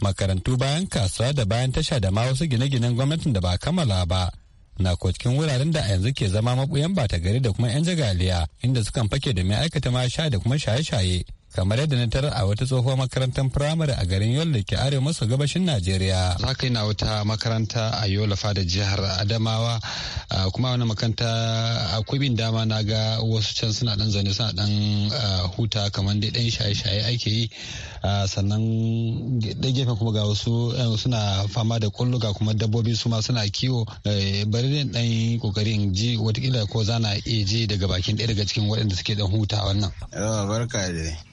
Makarantu bayan kasuwa da bayan tasha da ma wasu gine-ginen gwamnatin da ba kammala ba na ko cikin wuraren da a yanzu ke zama mabuyan bata gari da kuma 'yan jagaliya inda sukan fake da mai aikata ma sha da kuma shaye-shaye kamar yadda na tarar a wata tsohuwar makarantar firamare a garin yola ke arewa maso gabashin najeriya za ka yi na wata makaranta a yola fada jihar adamawa kuma wani makaranta a kubin dama na ga wasu can suna dan zane suna dan huta kamar dai dan shaye-shaye ake yi sannan da gefen kuma ga wasu suna fama da kulluga kuma dabbobi su ma suna kiwo bari dan dan kokari in ji watakila ko zana iya ji daga bakin ɗaya daga cikin waɗanda suke dan huta wannan. barka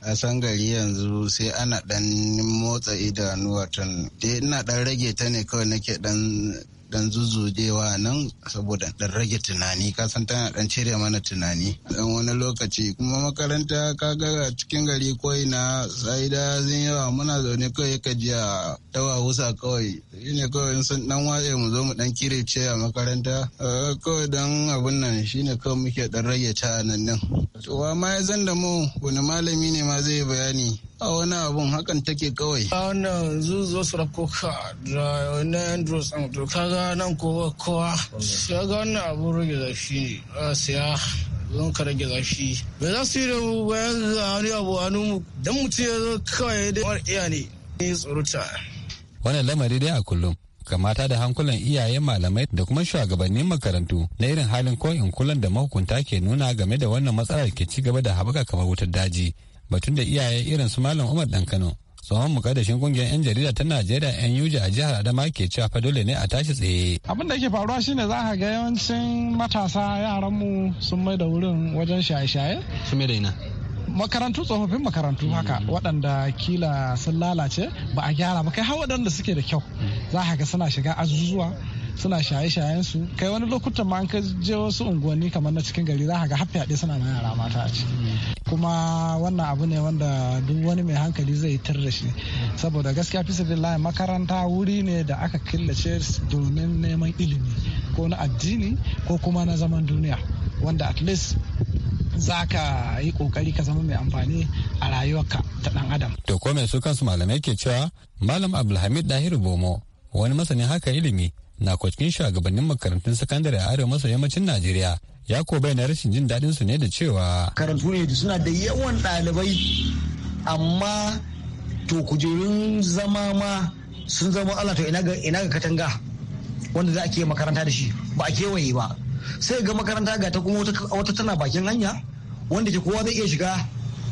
kasan san gari yanzu sai ana dan motsa idanu watan ina dan rage ta ne kawai nake dan dan zuzujewa nan saboda dan rage tunani ka san tana dan cire mana tunani dan wani lokaci kuma makaranta kaga cikin gari koi na sa'ida zin yawa muna zaune kawai ka ji a tawa wusa kawai shine kawai sun dan watse mu zo mu dan ce a makaranta eh, kawai dan abun nan shine kawai muke dan rage ta nan nan to ma ya zanda mu wani malami ne ma zai bayani a wani abun hakan take kawai. A wannan zuzo su ka da wani Andrews ɗin ka ga nan kowa kowa. ga wannan abun rage zafi a siya zan ka rage zafi. bai za su yi da bayan bayan ga wani abu a mu dan mutum ya zo kawai da mara iya ne. Ni tsoruta. Wannan lamari dai a kullum. kamata da hankulan iyayen malamai da kuma shugabannin makarantu na irin halin ko'in kulan da mahukunta ke nuna game da wannan matsalar ke ci gaba da haɓaka kamar wutar daji batun da iyaye irin su malam umar dan kano tsohon mukaddashin kungiyar 'yan jarida ta najeriya 'yan yuji a jihar adama ke cewa fa dole ne a tashi tsaye abin da ke faruwa shine za ka ga yawancin matasa yaranmu sun mai da wurin wajen shaye-shaye su mai da ina makarantu tsofaffin makarantu haka mm. waɗanda kila sun lalace ba a gyara ba kai har waɗanda suke da kyau mm. za ka ga suna shiga azuzuwa suna shaye-shayen su kai wani lokutan ma an ka je wasu unguwanni kamar na cikin gari za ka ga haffi haɗe suna na yara mata a ciki kuma wannan abu ne wanda duk wani mai hankali zai yi da shi saboda gaskiya fi sabilillahi makaranta wuri ne da aka killace domin neman ilimi ko na addini ko kuma na zaman duniya wanda at least za ka yi kokari ka zama mai amfani a rayuwarka ta dan adam. To ko mai su kansu malamai ke cewa Malam Abdulhamid Dahiru Bomo wani masanin haka ilimi na kwacikin shugabannin makarantun sakandare a arewa maso yammacin najeriya ya ko bayyana rashin jin daɗin su ne da cewa karantu ne suna da yawan ɗalibai amma to kujerun zama ma sun zama Allah to ina ga ina ga katanga wanda za a ke makaranta da shi ba a kewaye ba sai ga makaranta ga ta kuma wata tana bakin hanya wanda ke kowa zai iya shiga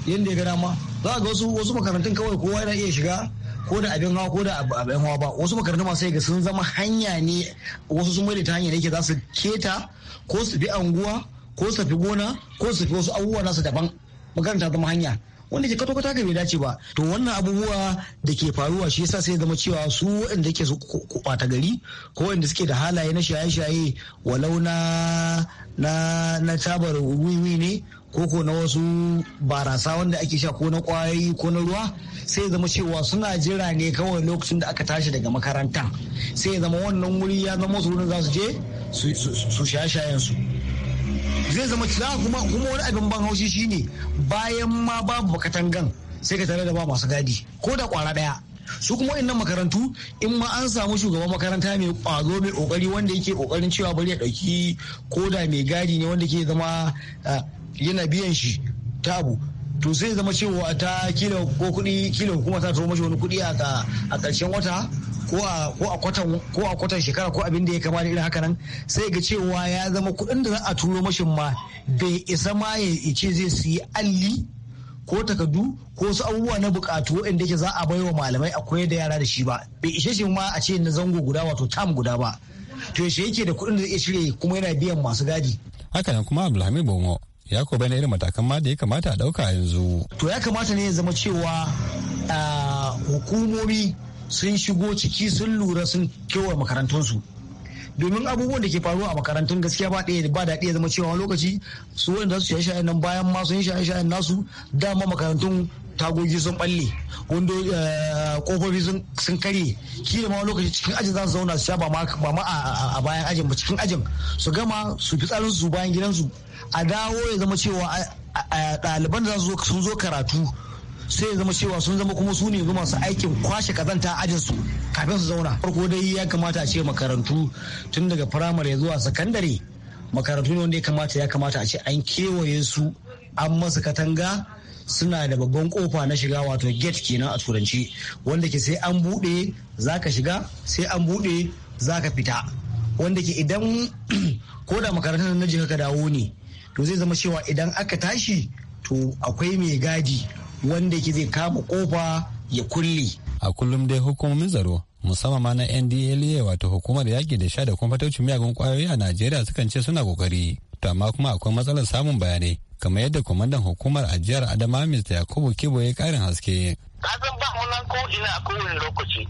yadda ya ga dama za a ga wasu wasu makarantun kawai kowa yana iya shiga ko da abin hawa ko da abin hawa ba wasu makarantu masu ga sun zama hanya ne wasu sun mai ta hanya ne ke za su keta ko su bi anguwa ko su fi gona ko su fi wasu abubuwa nasu daban makaranta zama hanya wanda ke kato kata bai dace ba to wannan abubuwa da ke faruwa shi yasa sai zama cewa su waɗanda ke su kubata gari ko waɗanda suke da halaye na shaye-shaye walau launa na na tabar wiwi ne koko na wasu barasa wanda ake sha ko na kwayoyi ko na ruwa sai ya zama cewa suna jira ne kawai lokacin da aka tashi daga makaranta sai ya zama wannan wuri ya zama su wurin za su je su shayen su zai zama kuma kuma wani abin ban haushi shine bayan ma babu katangan sai ka tare da ba masu gadi ko da kwara daya su kuma nan makarantu in ma an samu shugaban makaranta mai kwazo mai kokari wanda yake kokarin cewa bari ya dauki koda mai gadi ne wanda ke zama eh, yana biyan shi ta abu to zai zama cewa ta kila ko kuɗi kila hukuma ta turo mashi wani kuɗi a ƙarshen wata ko a kwatan shekara ko abin da ya kama da irin haka nan sai ga cewa ya zama kuɗin da za a turo mashi ma bai isa ma ya ce zai yi alli ko takardu ko su abubuwa na bukatu waɗanda yake za a bai wa malamai a da yara da shi ba bai ishe shi ma a ce na zango guda wato tam guda ba to yaushe yake da kuɗin da zai iya kuma yana biyan masu gadi haka nan kuma abdulhamid bongo ya ko bayan irin matakan ma da ya kamata a ɗauka yanzu. To ya kamata ne ya zama cewa hukumomi sun shigo ciki sun lura sun kewa makarantunsu. domin abubuwan da ke faruwa a makarantun gaskiya ba ɗaya ba daɗi ya zama cewa lokaci su wanda su shaye shaye nan bayan ma sun shaye shaye nasu dama makarantun tagogi sun balle wando eh, kofofi sun karye ki da ma lokaci cikin ajin za su zauna su ba ma a bayan ajin ba cikin ajin su gama su fi tsarin su bayan gidansu a dawo ya zama cewa ɗaliban da sun zo karatu sai ya zama cewa sun zama kuma su ne zuma su aikin kwashe kazanta ajin su kafin su zauna farko dai ya kamata a ce makarantu tun daga firamare zuwa sakandare makarantu ne wanda ya kamata ya kamata a ce an kewaye su an masa katanga suna da babban kofa na shiga wato gate kenan a turanci wanda ke sai an buɗe za ka shiga sai an buɗe za ka fita wanda ke idan ko da makarantar na jika ka dawo ne to zai zama cewa idan aka tashi to akwai mai gadi wanda ke zai kama kofa ya kulle a kullum dai hukumomin tsaro musamman ma na ndla wato hukumar yaƙi da sha da kuma fataucin miyagun kwayoyi a najeriya sukan ce suna kokari to amma kuma akwai matsalar samun bayanai kamar yadda kwamandan hukumar ajiyar adama mr yakubu kibo ya karin haske kasan ba mu nan ko ina a kowane lokaci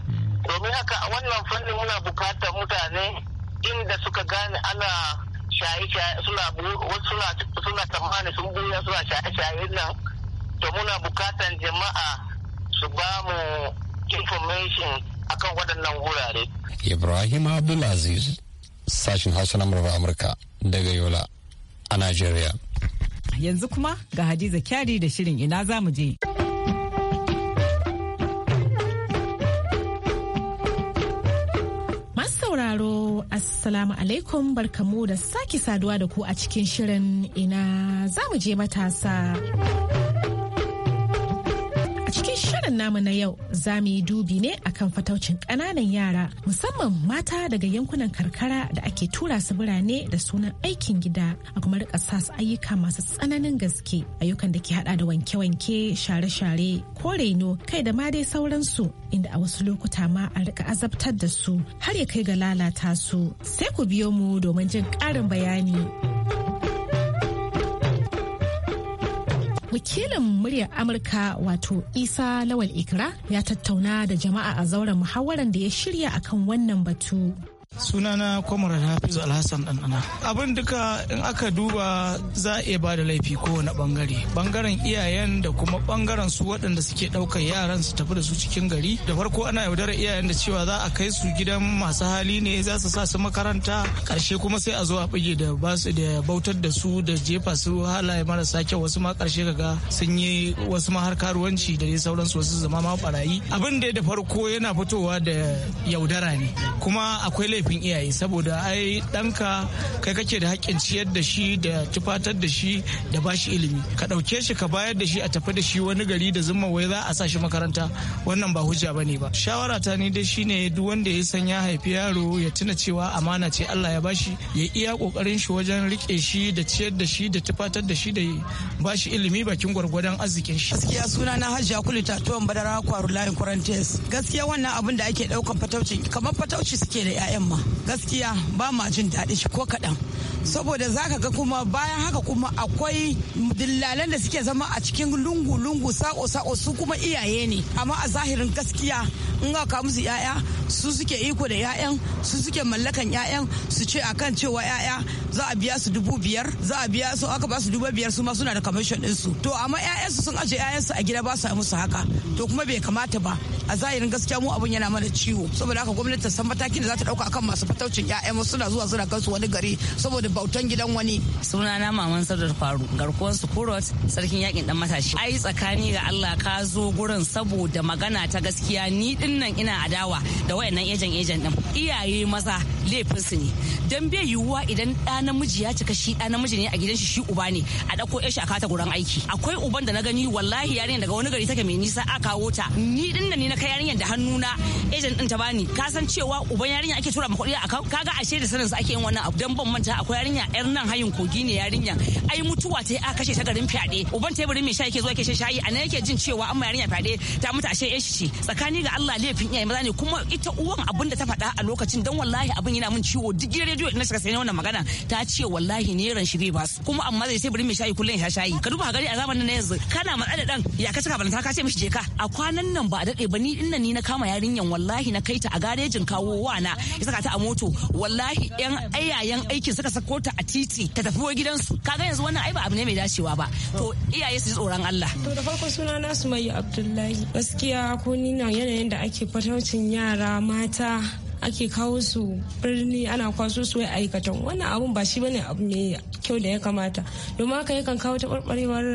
domin haka a wannan fannin muna bukatar mutane inda suka gane ana shaye-shaye suna suna suna tamani sun buya suna shaye-shaye nan to muna bukatar jama'a su ba mu information akan waɗannan wurare ibrahim abdulaziz sashin hausa na amurka daga yola a Najeriya. Yanzu kuma ga Hadiza Kyari da shirin ina za mu je. sauraro assalamu alaikum barkamu da sake saduwa da ku a cikin shirin ina za mu je matasa namu na yau za mu yi dubi ne akan fataucin ƙananan yara musamman mata daga yankunan karkara da ake tura su birane da sunan aikin gida a kuma rika sa su ayyuka masu tsananin gaske ayyukan da ke hada da wanke-wanke share-share ko reno kai da ma dai sauransu inda a wasu lokuta ma a rika azabtar da su har ya kai ga lalata su sai ku biyo mu domin jin ƙarin bayani. wakilin muryar amurka wato isa lawal ikra ya tattauna da jama'a a zauren muhawaran da ya shirya akan wannan batu sunana kwamar hafiz alhassan ɗanɗana abin duka in aka duba za a iya ba da laifi kowane bangare bangaren iyayen da kuma bangaren su waɗanda suke ɗaukar yaran su tafi da su cikin gari da farko ana yaudarar iyayen da cewa za a kai su gidan masu hali ne za su sa su makaranta ƙarshe kuma sai a zo a bige da ba su da bautar da su da jefa su halaye marasa kyau wasu ma ƙarshe kaga sun yi wasu ma harkar ruwanci da dai sauransu wasu zama ma barayi abin da da farko yana fitowa da yaudara ne kuma akwai laifin iyaye saboda ai ɗanka kai kake da haƙƙin ciyar da shi da tufatar da shi da ba shi ilimi ka ɗauke shi ka bayar da shi a tafi da shi wani gari da zuma wai za a sa shi makaranta wannan ba hujja bane ba shawara ta ni dai shine duk wanda ya san ya haifi yaro ya tuna cewa amana ce Allah ya bashi ya iya kokarin shi wajen rike shi da ciyar da shi da tufatar da shi da ba shi ilimi bakin gwargwadon arzikin shi gaskiya suna na hajji Kulita tuwon Badara Kwaru Layin Quarantines gaskiya wannan abin da ake daukan fatauci kamar fatauci suke da 'ya'yan al'umma gaskiya ba ma jin daɗi shi ko kaɗan saboda za ka ga kuma bayan haka kuma akwai dillalan da suke zama a cikin lungu-lungu sako-sako su kuma iyaye ne amma a zahirin gaskiya in ka musu 'ya'ya su suke iko da 'ya'yan su suke mallakan 'ya'yan su ce akan cewa 'ya'ya za a biya su dubu biyar za a biya su aka ba su dubu biyar su ma suna da din su to amma su sun aje su a gida ba su musu haka to kuma bai kamata ba a zahirin gaskiya mu abun yana mana ciwo saboda haka gwamnati ta san matakin da za ta dauka akan masu fataucin ƴaƴan wasu suna zuwa suna kansu wani gari saboda bautan gidan wani sunana maman sadar faru garkuwar su kurot sarkin yakin dan matashi ai tsakani ga Allah ka zo gurin saboda magana ta gaskiya ni dinnan ina adawa da wayannan ejen ejen din iyaye maza laifin su ne dan bai yiwuwa idan ɗa namiji ya cika shi ɗa namiji ne a gidan shi shi uba ne a dako ƴar shi a kata gurin aiki akwai uban da na gani wallahi yarinya daga wani gari take mai nisa a kawo ta ni dinnan ne kai yarinyar da hannuna ejen din ta bani ka san cewa uban yarinya ake tura ma kuɗi a kan kaga ashe da sanin ake yin wannan abu dan ban manta akwai yarinya yar nan hayin kogi ne yarinya ai mutuwa ta a kashe ta garin fyaɗe uban ta teburin mai sha yake zuwa yake shan shayi a nan yake jin cewa amma yarinya fyaɗe ta mutu ashe yan shi tsakani ga Allah laifin iyaye maza ne kuma ita uwan abin da ta faɗa a lokacin dan wallahi abin yana min ciwo duk gidan rediyo ina suka sai wannan magana ta ce wallahi ne ran shi bai su kuma amma zai sai teburin mai shayi kullun ya sha shayi ka duba gari a zamanin na yanzu kana matsala da dan ya ka cika balanta ka ce mishi je ka a kwanan nan ba a daɗe ba ni ni nan ni na kama yarinyan wallahi na ta a garejin kawo wana ya saka ta a moto wallahi yan ayayen aikin suka sako ta a titi ta tafi wa gidansu kaga yanzu wannan ai ba abu ne mai dacewa ba to iyaye su ji tsoron Allah to da farko suna na mai Abdullahi gaskiya ko ni na yanayin da ake fataucin yara mata ake kawo su birni ana kwaso su wai aikatan wannan abun ba shi bane abu mai kyau da ya kamata domin haka yakan kawo ta barbarewar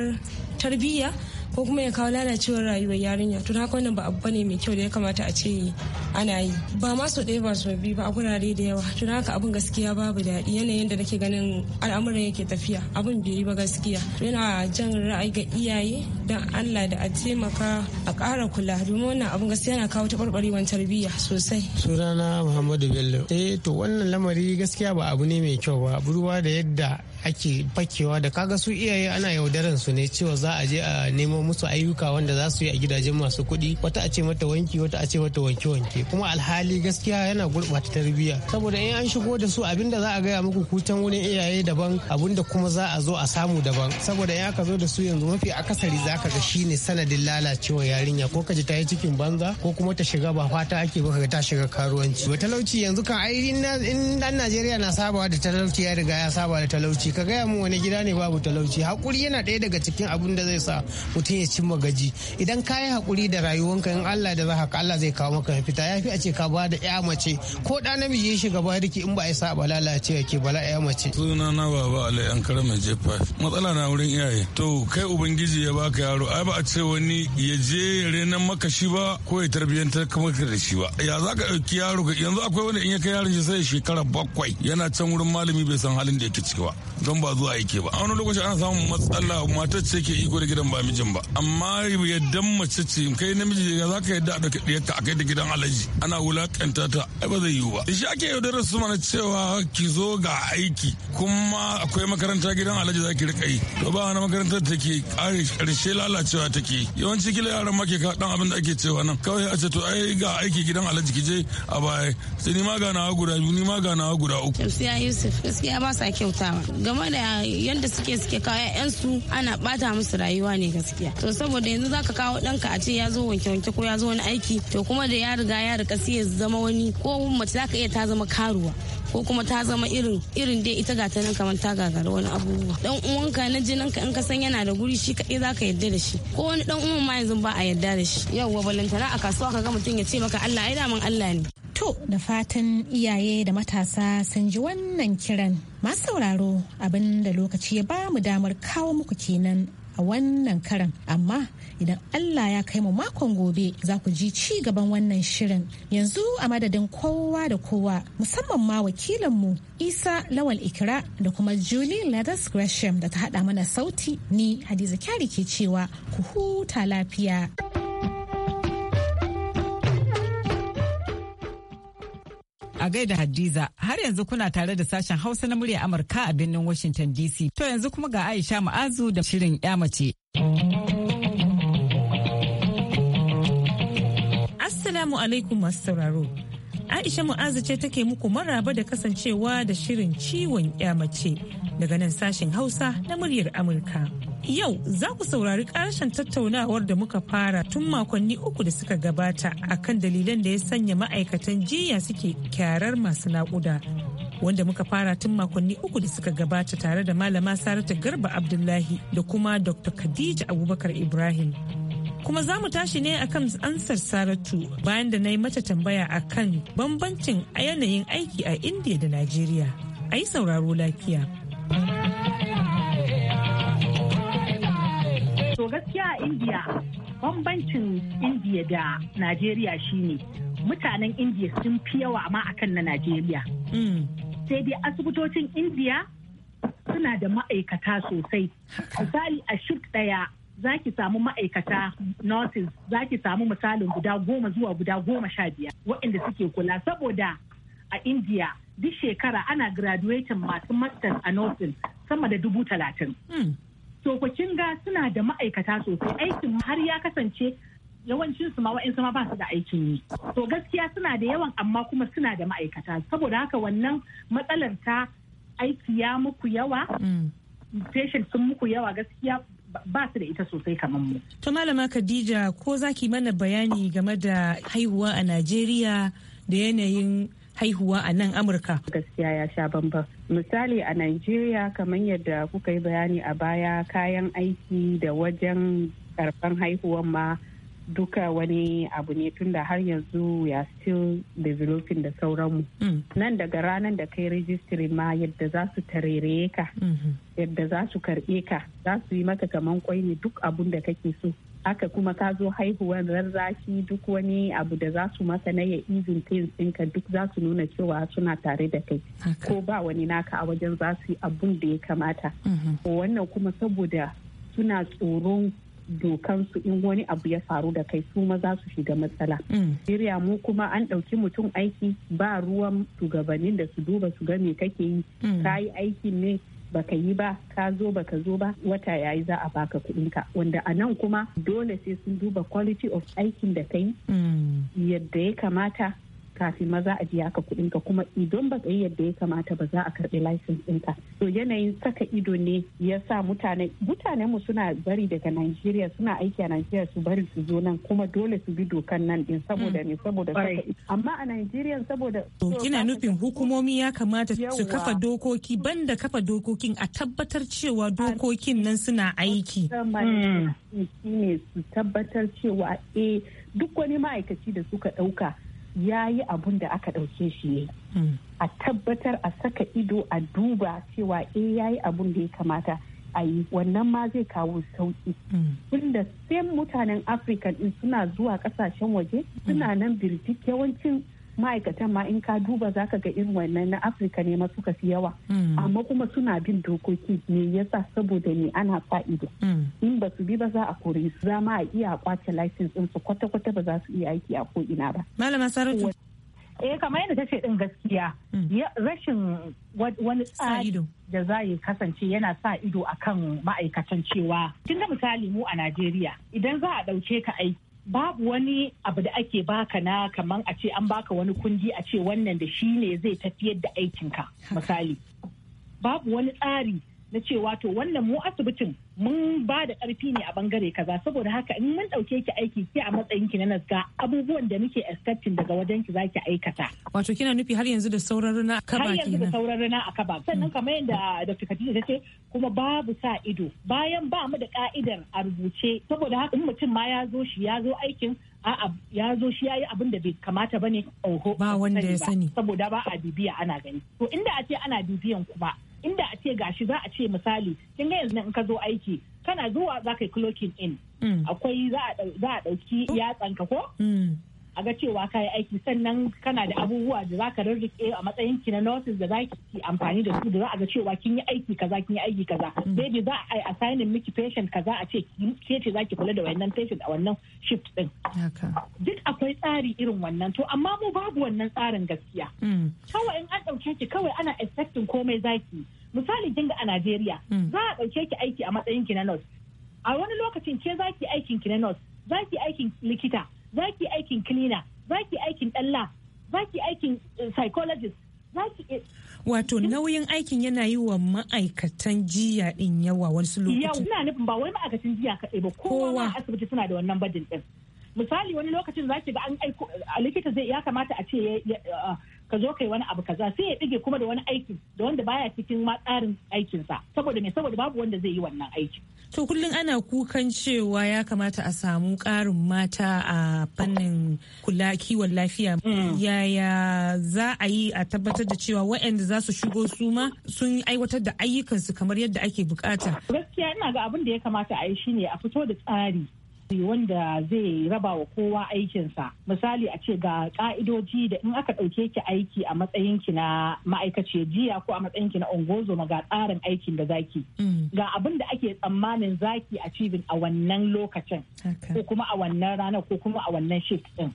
tarbiyya ko kuma ya kawo lalacewar rayuwar yarinya to haka wannan ba abu bane mai kyau da ya kamata a ce ana yi ba ma so ɗaya ba so biyu ba a gurare da yawa to haka abin gaskiya babu daɗi yanayin da nake ganin al'amuran yake tafiya abin bai ba gaskiya to yana jan ra'ayi ga iyaye dan Allah da a taimaka a ƙara kula domin wannan abin gaskiya yana kawo taɓarɓarewar tarbiyya sosai sunana Muhammadu Bello eh to wannan lamari gaskiya ba abu ne mai kyau ba buruwa da yadda ake fakewa da kaga su iyaye ana yaudaran su ne cewa za a je a nemo musu ayyuka wanda za su yi a gidajen masu kuɗi wata a ce mata wanki wata a ce mata wanke wanke kuma alhali gaskiya yana gurɓata tarbiyya saboda in an shigo da su abinda za a gaya muku kutan wurin iyaye daban abunda kuma za a zo a samu daban saboda in aka zo da su yanzu mafi akasari za ka ga shine sanadin lalacewa yarinya ko ka ji ta yi cikin banza ko kuma ta shiga ba fata ake ba ta shiga karuwanci ba talauci yanzu kan ai in dan Najeriya na sabawa da talauci ya riga ya saba da talauci ka gaya mu wani gida ne babu talauci hakuri yana ɗaya daga cikin abin da zai sa mutum ya cimma gaji idan ka yi hakuri da rayuwanka in Allah da za ka Allah zai kawo maka fita ya fi a ce ka ba da ya mace ko da namiji ya shiga bariki in ba a sa ba lalace ke bala ya mace suna na baba alai an karama jefa matsala na wurin iyaye to kai ubangiji ya baka yaro ai ba a ce wani ya je renan maka shi ba ko ya tarbiyyantar ka da shi ba ya za ka ɗauki yaro yanzu akwai wani in ya kai yaron shi sai shekara bakwai yana can wurin malami bai san halin da yake ciki ba don ba zuwa yake ba a wani lokaci ana samun matsala matar ce ke iko da gidan ba mijin ba amma yadda mace ce kai namiji za ka yadda a ɗauki ɗiyarka a kai da gidan alaji ana wulakanta ta ai ba zai yiwu ba shi ake yaudarar su mana cewa ki zo ga aiki kuma akwai makaranta gidan alaji za ki riƙa yi to ba wani makarantar ta ke kare karshe lalacewa ke yawanci kila yaran ma ke ka dan abin da ake cewa nan kawai a ce to ai ga aiki gidan alaji ki je a baya sai ni ma ga nawa guda biyu ni ma ga nawa guda uku Yusuf gaskiya ba sa kyautawa game da yadda suke suke kawo 'ya'yansu ana bata musu rayuwa ne gaskiya to saboda yanzu zaka kawo ɗanka a ce ya zo wanke wanke ko ya zo wani aiki to kuma da ya riga ya riga sai ya zama wani ko mace zaka iya ta zama karuwa ko kuma ta zama irin irin dai ita ga ta nan kamar ta gagara wani abubuwa dan uwanka na jinin in ka san yana da guri shi kaɗai zaka yarda da shi ko wani dan uwan ma yanzu ba a yarda da shi yauwa balantana a kasuwa ka ga mutum ya ce maka Allah ai daman Allah ne To, da fatan iyaye da matasa sun ji wannan kiran. Masu sauraro abin da lokaci ya ba mu damar kawo muku kenan a wannan karan. Amma idan Allah ya kai mu makon gobe za ku ji ci gaban wannan shirin. Yanzu a madadin kowa da kowa musamman ma wakilanmu Isa Lawal Ikira da kuma Julie Leathers Gresham da ta haɗa mana sauti ni Hadiza Kyari ke cewa ku huta lafiya. A gaida Hadiza, har yanzu kuna tare da sashen Hausa na murya Amurka a birnin Washington DC. To yanzu kuma ga Aisha Ma'azu da shirin 'ya mace. Assalamu alaikum masu sauraro. Aisha Mu'azu ce take muku maraba da kasancewa da shirin ciwon mace daga nan sashen Hausa na muryar Amurka. Yau za ku saurari karshen tattaunawar da muka fara tun makonni uku da suka gabata a kan dalilan da ya sanya ma'aikatan jiya suke kyarar masu naƙuda. Wanda muka fara tun makonni uku da suka gabata tare da malama Saratu Garba Abdullahi da kuma Dr. Khadija Abubakar Ibrahim. kuma za mu tashi ne akan ansar saratu bayan da na yi mata tambaya akan bambancin yanayin aiki a indiya da najeriya a yi sauraro lafiya to gaskiya a indiya bambancin indiya da najeriya shine mutanen indiya sun fi yawa ma akan na najeriya mm. sai dai asibitocin indiya suna da ma'aikata sosai misali a shuk daya za ki samu ma'aikata nurses za ki samu misalin guda goma zuwa guda goma sha biyar waɗanda suke kula saboda a india duk shekara ana graduating masu masters a nursing sama da dubu talatin. sokocin hmm. ga suna da ma'aikata sosai aikin har ya kasance yawancin su ma wa'in ma ba su da aikin yi. To gaskiya suna da yawan amma kuma suna da ma'aikata saboda haka wannan matsalar ta aiki ya muku yawa hmm. patient sun muku yawa gaskiya ba su da ita sosai kamar mu. To malama Khadija ko za ki mana bayani game da haihuwa a Najeriya da yanayin haihuwa a nan Amurka. Gaskiya ya sha bambam. Misali a Najeriya kamar yadda kuka yi bayani a baya kayan aiki da wajen karfan haihuwan ma duka wani abu ne tunda har yanzu ya still developing da sauranmu mm. nan daga ranar da kai registry ma yadda za su tarere ka mm-hmm. yadda za su karɓe ka za su yi maka kaman kwai ne duk abun da kake so haka kuma ka zo haihuwar rarrashi duk wani abu da za su masa na ya izin pains ɗinka duk za su nuna cewa suna tare da kai ko ba wani naka a wajen za su yi abun da ya kamata mm-hmm. wannan kuma saboda suna tsoron dokansu in wani abu ya faru da kai su maza su shiga matsala. Mm. Nigeria mu kuma an ɗauki mutum aiki ba ruwan shugabannin da su duba su ga me kake yi, mm. ka yi aikin ne baka yi ba ka zo baka zo ba wata yayi za a baka kuɗinka wanda a nan kuma dole sai sun duba quality of aikin da ka yi mm. yadda ya kamata kafin ma za a biya ka kuɗin ka kuma idan ba yi yadda ya kamata ba za a karɓi license ɗinka to yanayin saka ido ne ya sa mutane mutane mu suna bari daga Najeriya suna aiki a Najeriya su bari su zo nan kuma dole su bi dokan nan din saboda ne mm. saboda amma a Najeriya saboda kina nufin hukumomi ya kamata su kafa dokoki banda kafa dokokin a tabbatar cewa dokokin nan suna aiki mm. shine su tabbatar cewa eh duk wani ma'aikaci da suka ɗauka ya yi abun da aka ɗauke shi ne hmm. a tabbatar a saka ido a duba cewa eh ya yi abun da ya kamata a yi wannan ma zai kawo sauki hmm. tunda sai mutanen afirka din suna zuwa kasashen waje suna hmm. nan birjik yawancin ma'aikatan ma in ka duba za ka ga irin wannan na afirka ne masu suka fi yawa mm. amma kuma suna bin dokoki ne yasa saboda ne ana sa mm. in ba su bi ba za a kore su za ma a iya kwace license su kwata-kwata ba za su iya aiki a ko ina ba malama saratu eh kamar yadda ta ce din gaskiya mm. rashin wani tsari da za ya kasance yana sa ido akan ma'aikatan cewa tun da misali mu a najeriya idan za a ɗauke ka aiki babu wani abu da ake baka na kamar a ce an baka wani kundi a ce wannan da shi ne zai tafiyar da aikinka misali babu wani tsari na cewa to wannan mu asibitin mun ba da ƙarfi ne a bangare kaza saboda haka in mun ɗauke ki aiki ki a matsayin ki na naska abubuwan da muke expecting daga wajen ki zaki aikata. Wato kina nufi har yanzu da sauran rana a kaba Har yanzu da sauran rana a kaba. Sannan kamar yadda Dr. Khadija ta ce kuma babu sa ido bayan ba mu da ka'idar a rubuce saboda haka in mutum ma ya zo shi ya zo aikin a'a ya zo shi ya yi abin da bai kamata ba ne oho ba wanda ya sani saboda ba a bibiya ana gani to inda a ce ana bibiyan kuma inda a ce gashi za a ce misali kin ga yanzu in ka zo aiki kana zuwa za ka yi clocking in mm. akwai za a ɗauki yatsanka ko mm. a ga cewa ka yi aiki sannan kana da abubuwa da za ka rarrike a matsayin ki na nurses da za ki amfani da su da za a ga cewa kin yi aiki kaza kin yi aiki kaza mm. baby za a yi assigning miki patient kaza a ce ke ce za ki kula da wannan patient a wannan shift din duk akwai tsari irin wannan to amma mu babu wannan tsarin gaskiya mm. kawai in an ɗauke ki kawai ana expecting komai zaki misali kin ga a Najeriya mm. za a ɗauke ki aiki a matsayin ki na nurse a wani lokacin ke za ki aikin ki na nurse za ki aikin likita zaki ki aikin cleaner za ki aikin ɗalla za ki aikin eh, psychologist za wato nauyin aikin yana yi wa ma'aikatan jiya din yawa wasu lokutan. Yau ina nufin ba wai ma'aikatan jiya kaɗai ba kowa ma asibiti suna da wannan badin din. misali wani lokacin za ki ga an aiko likita zai ya kamata a ce ka zo kai wani abu kaza sai ya ɗige kuma da wani aiki da wanda baya cikin ma tsarin sa saboda me saboda babu wanda zai yi wannan aiki. To kullum ana kukan cewa ya kamata a samu karin mata a fannin kula kiwon lafiya. Mm. Yaya za a yi a tabbatar da cewa waɗanda za su shigo su ma sun aiwatar da ayyukansu kamar yadda ake bukata. Gaskiya ina ga abin da ya kamata a yi shine a fito da tsari wanda zai raba wa kowa aikinsa misali a ce ga ka'idoji da in aka ɗauke ki aiki a matsayin ki na ma'aikaciya jiya ko a matsayin ki na ungozoma ga tsarin aikin da zaki mm. ga abin da ake tsammanin zaki a cibin a wannan lokacin ko kuma a wannan ranar ko kuma a wannan shift din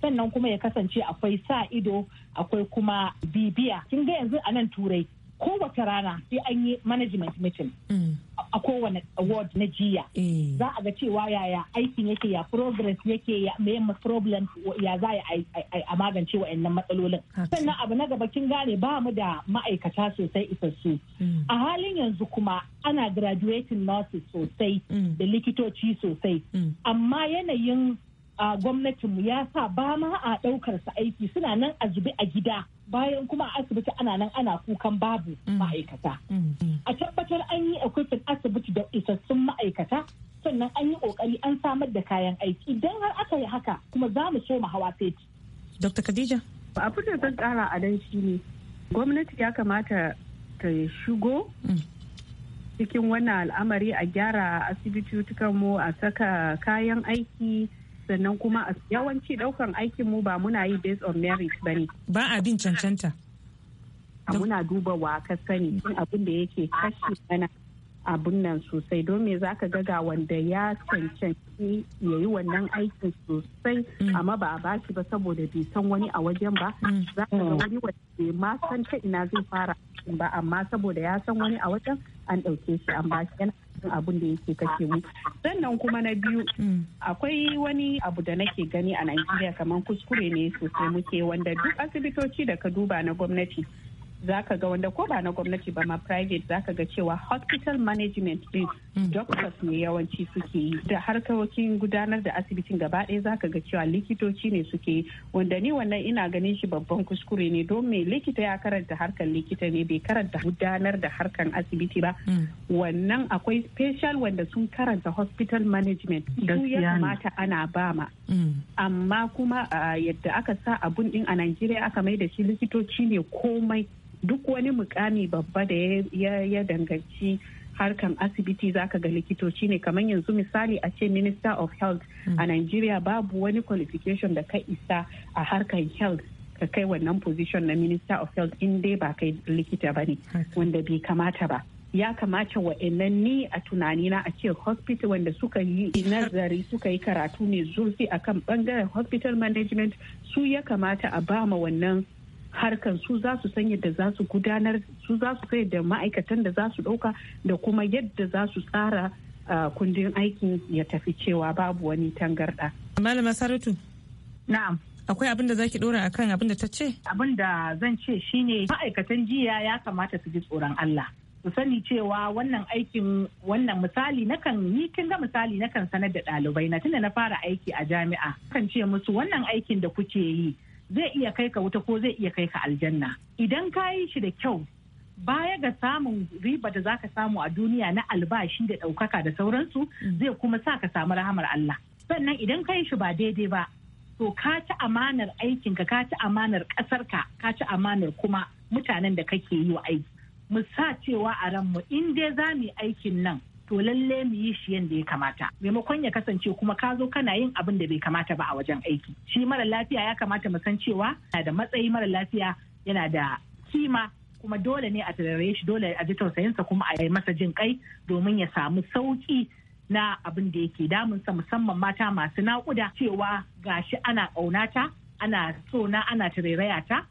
sannan kuma ya kasance akwai sa ido akwai kuma bibiya kin ga yanzu a nan turai kowace rana sai an yi management meeting mm. a kowane award na jiya eh. za a ga cewa yaya aikin yake ya progress yake ya mayan problem ya za a magance wa'annan matsalolin sannan abu na gaba kin gane ba mu da ma'aikata sosai isassu mm. a halin yanzu kuma ana graduating nurses sosai mm. da likitoci sosai amma yanayin a gwamnatinmu ya sa ba ma a ɗaukar su aiki suna nan a zube a gida bayan kuma a asibiti ana nan ana kukan babu mm. ma'aikata. Mm. A tabbatar an yi equipment asibiti da isassun ma'aikata sannan an yi kokari an samar da kayan aiki idan har aka yi haka kuma za mu so mu hawa feti. Dr. Khadija. Abin da zan kara a nan shi ne gwamnati ya kamata ta shigo mm. cikin wannan al'amari a gyara asibitotukan mu a saka kayan aiki sannan kuma a yawanci daukan aikin mu ba muna yi based on merit ba ne ba abin cancanta muna duba wa ka sani abin da yake kashi mana abin nan sosai don me zaka ga ga wanda ya cancanci ya yi wannan aikin sosai mm. amma ba a bashi ba saboda bai san wani a wajen ba mm. za ka ga wani wanda ma san ta ina zai fara ba amma saboda ya san wani a wajen an ɗauke shi an bashi yana abun da yake kashe mu sannan kuma na biyu akwai wani abu da nake gani a Najeriya kamar kuskure ne sosai muke wanda duk asibitoci da ka duba na gwamnati zaka ga wanda ko ba na gwamnati ba ma private zaka ga cewa hospital management din Mm. doctors ne yawanci suke yi da harkokin gudanar da asibitin gaba ɗaya zaka ga cewa likitoci ne suke yi wanda ni wannan ina ganin shi babban kuskure ne don me likita ya karanta harkar likita ne bai karanta gudanar da harkar asibiti ba mm. wannan akwai special wanda sun karanta hospital management su ya kamata ana bama mm. amma kuma yadda aka sa abun din a Najeriya aka mai da shi likitoci ne komai duk wani mukami babba da ya danganci harkan asibiti zaka ga likitoci ne kamar yanzu misali a ce minister of health mm. a nigeria babu wani qualification da ka isa a harkan health ka kai wannan position na minister of health in dai ba kai likita ba ne wanda bai kamata ba ya kamata wa'annan ni a tunanina a ce hospital wanda suka yi nazari suka yi karatu ne zurfi akan bangaren hospital management su ya kamata a bama wannan harkar su za su san yadda za su gudanar su za su san da ma'aikatan da za su ɗauka da kuma yadda za su tsara kundin aikin ya tafi cewa babu wani tangarɗa. Malama Saratu. Na'am. akwai abin da zaki dora akan abin da ta ce? Abin da zan ce shine ma'aikatan jiya ya kamata su ji tsoron Allah. Su sani cewa wannan aikin wannan misali nakan ni kin ga misali nakan sanar da ɗalibai na tunda na fara aiki a jami'a. Kan ce musu wannan aikin da kuke yi zai iya kai ka wuta ko zai iya kai ka aljanna idan ka yi shi da kyau baya ga samun riba da zaka samu a duniya na albashi da ɗaukaka da sauransu mm. zai kuma sa ka samu rahamar Allah sannan idan ka yi shi ba daidai ba to ka ci amanar aikinka ka ci amanar ƙasarka ka ci amanar kuma mutanen da kake yi wa aiki mu sa cewa a ranmu in dai za mu yi aikin nan to lalle mu yi shi yadda ya kamata maimakon ya kasance kuma ka zo kana yin abin da bai kamata ba a wajen aiki shi mara lafiya ya kamata mu san cewa yana da matsayi mara lafiya yana da kima kuma dole ne a tarare shi dole a ji tausayinsa kuma a yi masa jin kai domin ya samu sauki na abin da yake damunsa musamman mata masu naƙuda cewa gashi ana ƙaunata ana so na ana tarairaya ta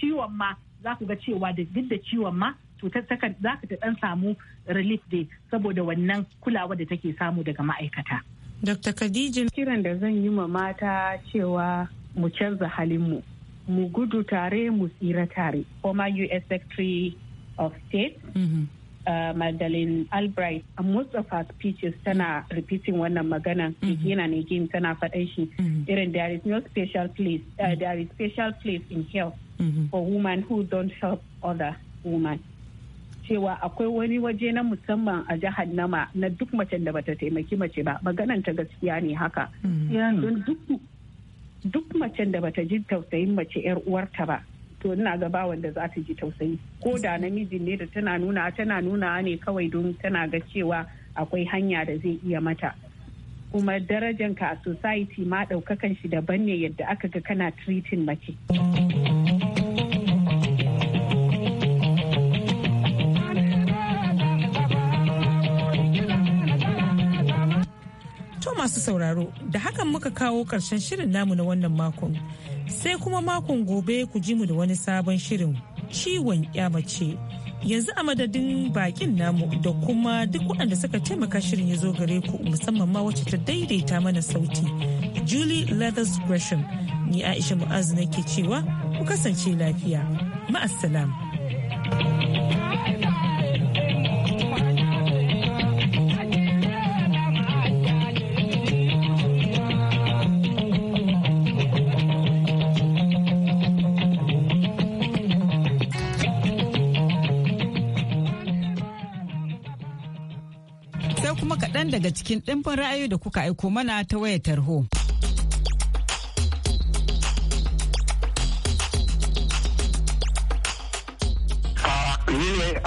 ciwon ma za ku ga cewa da duk da ciwon ma cutar za ta dan samu relief day saboda wannan kulawa da take samu daga ma'aikata. Dr. Khadija kiran da zan yi ma mata cewa mu canza halin mu gudu tare mu tsira tare. Former U.S. Secretary of State mhm. Uh, Magdalene Albright a her speeches tana repeating wannan magana. Mhm. again ne gini tana faɗan shi mhm. irin there is no special place uh, there is special place in hell mm -hmm. for women who don't help other women cewa akwai wani waje na musamman a jahannama na duk macen da bata taimaki mace ba maganan ta gaskiya ne haka mm. don mm. duk macen da bata ji tausayin mace yar uwarta ba to ina gaba wanda za ta ji tausayi ko da namiji ne da tana nuna tana nuna ne kawai don tana ga cewa akwai hanya da zai iya mata kuma darajanka a society ma ɗaukakan shi daban ne yadda aka ga kana treating mace. Mm. masu sauraro da hakan muka kawo ƙarshen shirin namu na wannan makon sai kuma makon gobe ku ji mu da wani sabon shirin ciwon mace yanzu a madadin bakin namu da kuma duk waɗanda suka taimaka shirin ya zo gare ku musamman ma wacce ta daidaita mana sauti julie leathers gresham ni aisha mu'azu nake cewa ku kasance lafiya ma'a'salam. daga cikin ɗimbin ra'ayi da kuka aiko mana ta wayar tarho.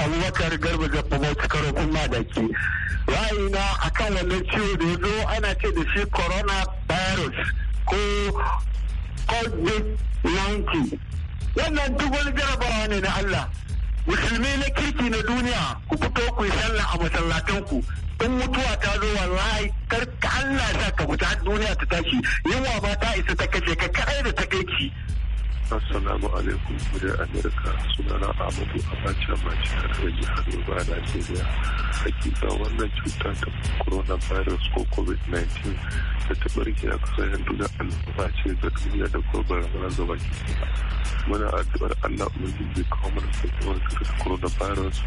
Abubakar Garba Karo Kuma da ke. Ra'ayina akan wannan ciwo da ya zo ana ce da shi corona virus ko COVID-19. Wannan duk wani jarabawa ne na Allah. Musulmi na kirki na duniya ku fito ku yi sallah a masallatanku. in mutuwa ta zo wallahi kar ka Allah sa ka fita duniya ta tashi yunwa ba ta isa ta kace ka kadai da ta kai ki Assalamu alaikum muryar Amerika sunana Ahmadu Abacha Maji a kan jihar Yoruba a Najeriya. Hakika wannan cuta ta coronavirus ko COVID-19 da ta barke a kasar yanzu da annoba ce ga duniya da kuma barazana ga baki muna addu'ar Allah ubangiji zai kawo mana sauƙiwar cutar coronavirus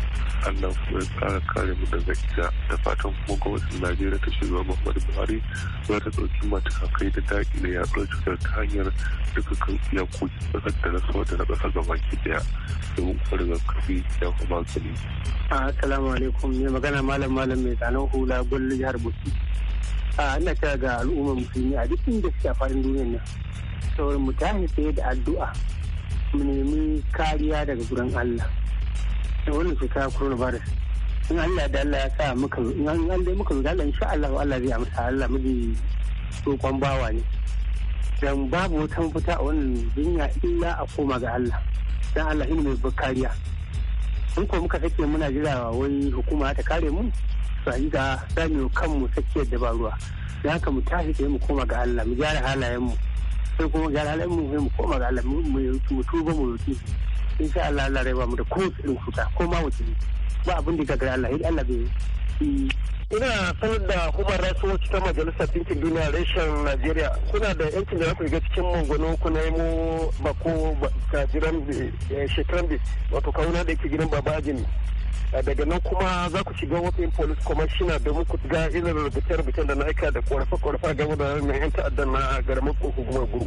Allah kuma ya tsara kare mu daga ita da fatan kuma gwamnatin Najeriya ta shiga Muhammadu Buhari za ta ɗauki matakai da daƙile yaɗuwar cutar ta hanyar dukkan iyakoki ƙasar da na sama da na ƙasar gaba ki ɗaya domin kuma rigakafi ya kuma magani. Assalamu alaikum ne magana malam malam mai tsanin hula gwal jihar Bauchi. a ah, ina ga al'ummar musulmi a duk inda suke a faɗin duniyar nan saurin mu tashi tsaye da addu'a mu nemi kariya daga gurin Allah da wannan cuta coronavirus in Allah da Allah ya sa muka in an dai muka Allah insha Allah Allah zai amsa Allah mu roƙon bawa ne dan babu wata mafita a wannan duniya illa a koma ga Allah dan Allah ne mai kariya in ko muka sake muna jira wai hukuma ta kare mu su ga sami kanmu tsakiyar da ba ruwa da haka mu tashi ke mu koma ga Allah mu gyara halayenmu sai kuma gyara halayenmu sai mu koma ga Allah mu ba mu yi in sha Allah Allah rai ba mu da kowace irin cuta ko ma wace ba abin da gari Allah sai Allah bai ina sanar da human rights watch ta majalisar ɗinkin duniya reshen najeriya kuna da yancin da ku shiga cikin mangwano ku nemo bako jiran eh, shekaran da wato kawuna da yake gidan babajin daga nan kuma za ku shiga wafin police commissioner domin ku ga irin rubuce-rubucen da na aika da ƙorafe-ƙorafe game da yan ta'addan na garamar hukumar guru.